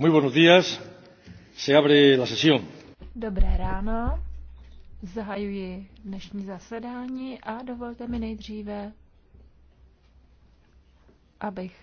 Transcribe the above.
Muy buenos días. Se abre la sesión. Dobré ráno. Zahajuji dnešní zasedání a dovolte mi nejdříve, abych